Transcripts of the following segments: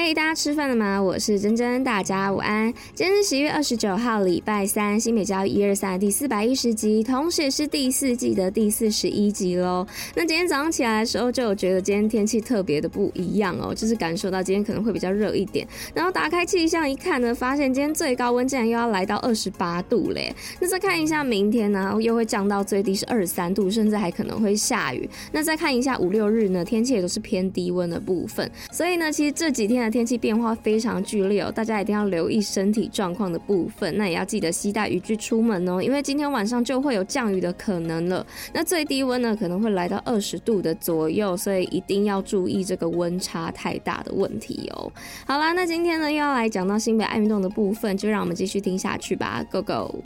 嘿，hey, 大家吃飯了嗎？我是珍珍，大家午安。今天是十一月二十九號，禮拜三，新北教育一二三的第四百一十集，同時也是第四季的第四十一集嘍。那今天早上起來的時候，就有覺得今天天氣特別的不一樣哦，就是感受到今天可能會比較熱一點。然後打開氣象一看呢，發現今天最高溫竟然又要來到二十八度嘞。那再看一下明天呢，又會降到最低是二十三度，甚至還可能會下雨。那再看一下五六日呢，天氣也都是偏低溫的部分。所以呢，其實這幾天。天氣變化非常劇烈哦，大家一定要留意身體狀況的部分。那也要記得攜帶雨具出門哦，因為今天晚上就會有降雨的可能了。那最低溫呢，可能會來到二十度的左右，所以一定要注意這個溫差太大的問題哦。好啦，那今天呢又要來講到新北愛運動的部分，就讓我們繼續聽下去吧，Go Go！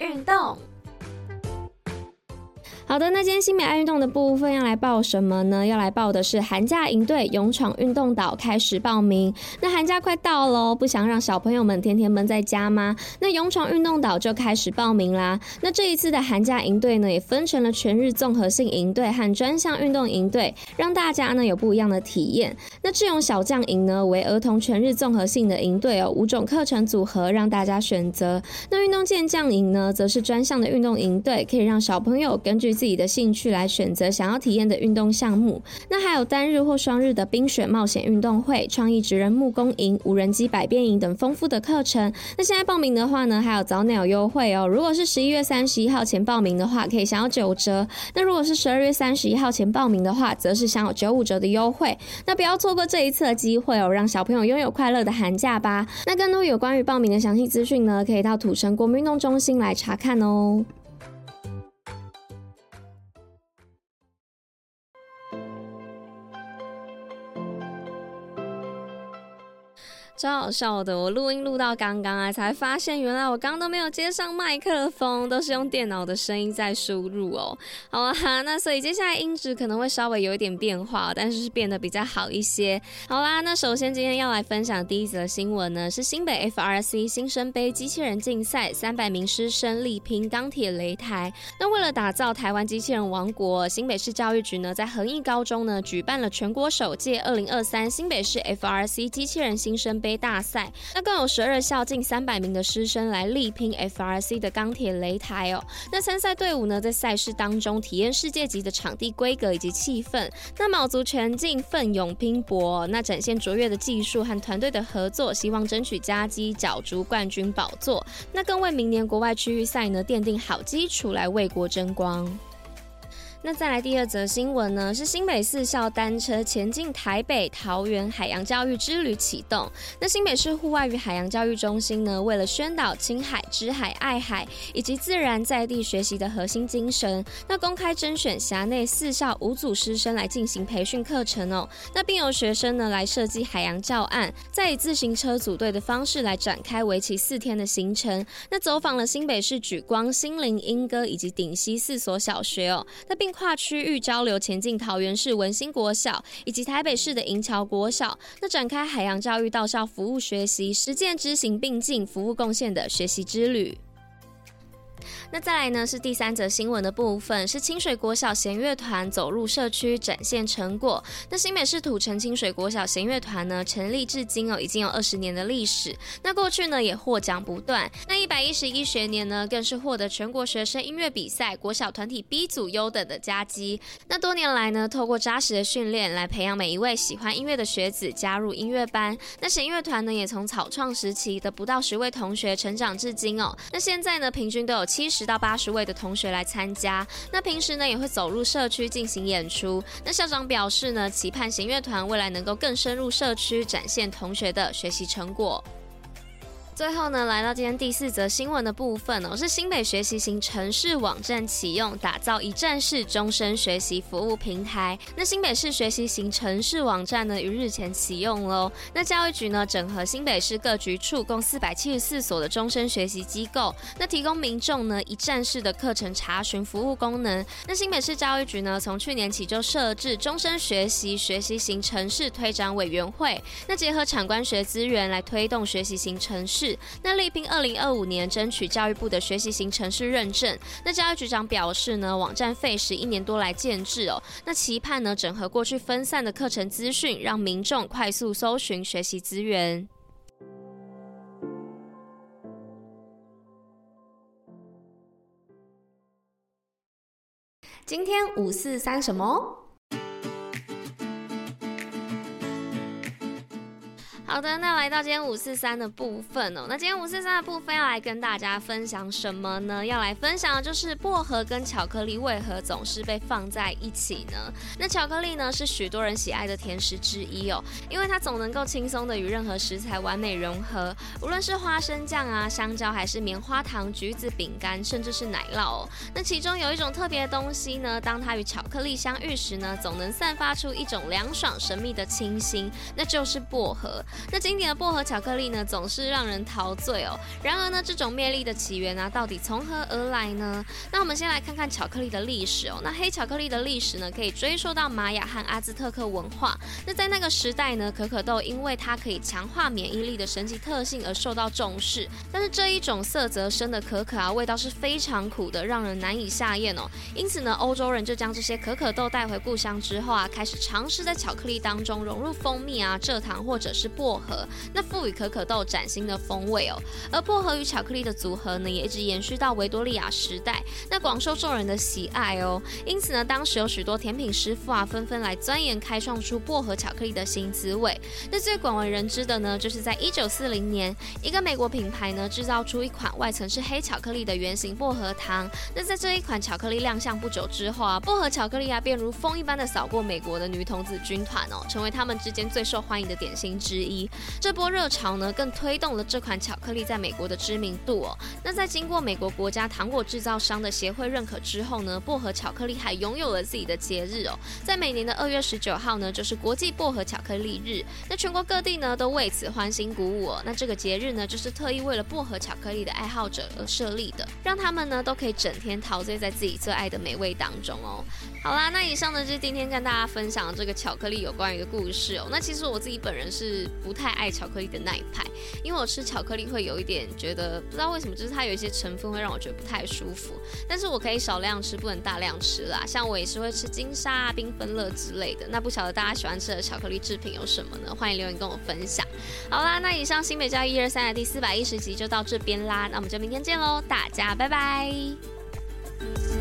運動。好的，那今天新北愛運動的部分要來報什麼呢？要來報的是寒假營隊，勇闖運動島開始報名。那寒假快到嘍、喔，不想讓小朋友們天天悶在家嗎？那勇闖運動島就開始報名啦。那這一次的寒假營隊呢，也分成了全日綜合性營隊和專項運動營隊，讓大家呢有不一樣的體驗。那智勇小將營呢，為兒童全日綜合性的營隊哦，五種課程組合讓大家選擇。那運動健將營呢，則是專項的運動營隊，可以讓小朋友根據自自己的興趣來選擇想要體驗的運動項目，那還有單日或雙日的冰雪冒險運動會、創意職人木工營、無人機百變營等豐富的課程。那現在報名的話呢，還有早鳥優惠哦。如果是十一月三十一號前報名的話，可以享有九折；那如果是十二月三十一號前報名的話，則是享有九五折的優惠。那不要錯過這一次的機會哦，讓小朋友擁有快樂的寒假吧。那更多有關於報名的詳細資訊呢，可以到土城國民運動中心來查看哦。超好笑的！我錄音錄到剛剛啊，才發現原來我剛剛都沒有接上麥克風，都是用電腦的聲音在輸入哦。好啦，那所以接下來音質可能會稍微有一點變化，但是是變得比較好一些。好啦，那首先今天要來分享第一則新聞呢，是新北 FRC 新生杯機器人競賽，三百名師生力拼鋼鐵擂台。那為了打造台灣機器人王國，新北市教育局呢，在恆毅高中呢舉辦了全國首屆二零二三新北市 FRC 機器人新生杯。杯大賽，那更有十二校近三百名的師生來力拼 FRC 的鋼鐵擂台哦。那參賽隊伍呢，在賽事當中體驗世界級的場地規格以及氣氛，那卯足全勁，奮勇拼搏哦，那展現卓越的技術和團隊的合作，希望爭取佳績，角逐冠軍寶座。那更為明年國外區域賽呢，奠定好基礎，來為國爭光。那再來第二則新聞呢，是新北四校單車前進台北、桃園，海洋教育之旅啟動。那新北市戶外與海洋教育中心呢，為了宣導親海、知海、愛海以及自然在地學習的核心精神，那公開甄選轄內四校五組師生來進行培訓課程哦、喔。那並由學生呢來設計海洋教案，再以自行車組隊的方式來展開為期四天的行程。那走訪了新北市莒光、新林、鶯歌以及頂溪四所小學哦、喔。那并跨區域交流，前進桃園市文心國小以及台北市的銀橋國小，那展開海洋教育到校服務學習實踐知行並進服務貢獻的學習之旅。那再來呢是第三則新聞的部分，是清水國小弦樂團走入社區展現成果。那新北市土城清水國小弦樂團呢，成立至今哦已經有二十年的歷史。那過去呢也獲獎不斷。那一百一十一學年呢，更是獲得全國學生音樂比賽國小團體 B 組優等的佳績。那多年來呢，透過紮實的訓練來培養每一位喜歡音樂的學子加入音樂班。那弦樂團呢，也從草創時期的不到十位同學成長至今哦。那現在呢，平均都有。七十到八十位的同學來參加。那平時呢，也會走入社區進行演出。那校長表示呢，期盼弦樂團未來能夠更深入社區，展現同學的學習成果。最後呢，來到今天第四則新聞的部分哦，是新北學習型城市網站啟用，打造一站式終身學習服務平台。那新北市學習型城市網站呢，於日前啟用嘍。那教育局呢，整合新北市各局處共四百七十四所的終身學習機構，那提供民眾呢一站式的課程查詢服務功能。那新北市教育局呢，從去年起就設置終身學習學習型城市推展委員會，那結合產官學資源來推動學習型城市。那立品二零二五年爭取教育部的學習型城市認證。那教育局長表示呢，網站費時一年多來建置哦，那期盼呢，整合過去分散的課程資訊，讓民眾快速搜尋學習資源。今天五四三什麼？好的，那來到今天五四三的部分哦。那今天五四三的部分要來跟大家分享什麼呢？要來分享的就是薄荷跟巧克力為何總是被放在一起呢？那巧克力呢，是許多人喜愛的甜食之一哦，因為它總能夠輕鬆的與任何食材完美融合，無論是花生醬啊、香蕉，還是棉花糖、橘子餅乾，甚至是奶酪哦。那其中有一種特別的東西呢，當它與巧克力相遇時呢，總能散發出一種涼爽神秘的清新，那就是薄荷。那經典的薄荷巧克力呢，總是讓人陶醉哦。然而呢，這種魅力的起源啊，到底從何而來呢？那我們先來看看巧克力的歷史哦。那黑巧克力的歷史呢，可以追溯到瑪雅和阿茲特克文化。那在那個時代呢，可可豆因為它可以強化免疫力的神奇特性而受到重視。但是這一種色澤深的可可啊，味道是非常苦的，讓人難以下咽哦。因此呢，歐洲人就將這些可可豆帶回故鄉之後啊，開始嘗試在巧克力當中融入蜂蜜啊、蔗糖或者是薄。薄荷那賦予可可豆嶄新的風味哦，而薄荷與巧克力的組合呢，也一直延續到維多利亞時代，那廣受眾人的喜愛哦。因此呢，當時有許多甜品師傅啊，紛紛來鑽研，開創出薄荷巧克力的新滋味。那最廣為人知的呢，就是在一九四零年，一個美國品牌呢，製造出一款外層是黑巧克力的圓形薄荷糖。那在這一款巧克力亮相不久之後啊，薄荷巧克力啊，便如風一般的掃過美國的女童子軍團哦，成為他們之間最受歡迎的點心之一。這波熱潮呢，更推動了這款巧克力在美國的知名度哦。那在經過美國國家糖果制造商的協會認可之後呢，薄荷巧克力還擁有了自己的節日哦。在每年的二月十九號呢，就是國際薄荷巧克力日。那全國各地呢，都為此歡欣鼓舞哦。那這個節日呢，就是特意為了薄荷巧克力的愛好者而設立的，讓他們呢，都可以整天陶醉在自己最愛的美味當中哦。好啦，那以上呢，就是今天跟大家分享的這個巧克力有關於的故事哦。那其實我自己本人是。不太愛巧克力的那一派，因為我吃巧克力會有一點覺得不知道為什麼，就是它有一些成分會讓我覺得不太舒服。但是我可以少量吃，不能大量吃啦。像我也是會吃金沙、啊、繽紛樂之類的。那不曉得大家喜歡吃的巧克力制品有什麼呢？歡迎留言跟我分享。好啦，那以上新北教育123的第四百一十集就到這邊啦。那我們就明天見嘍，大家拜拜。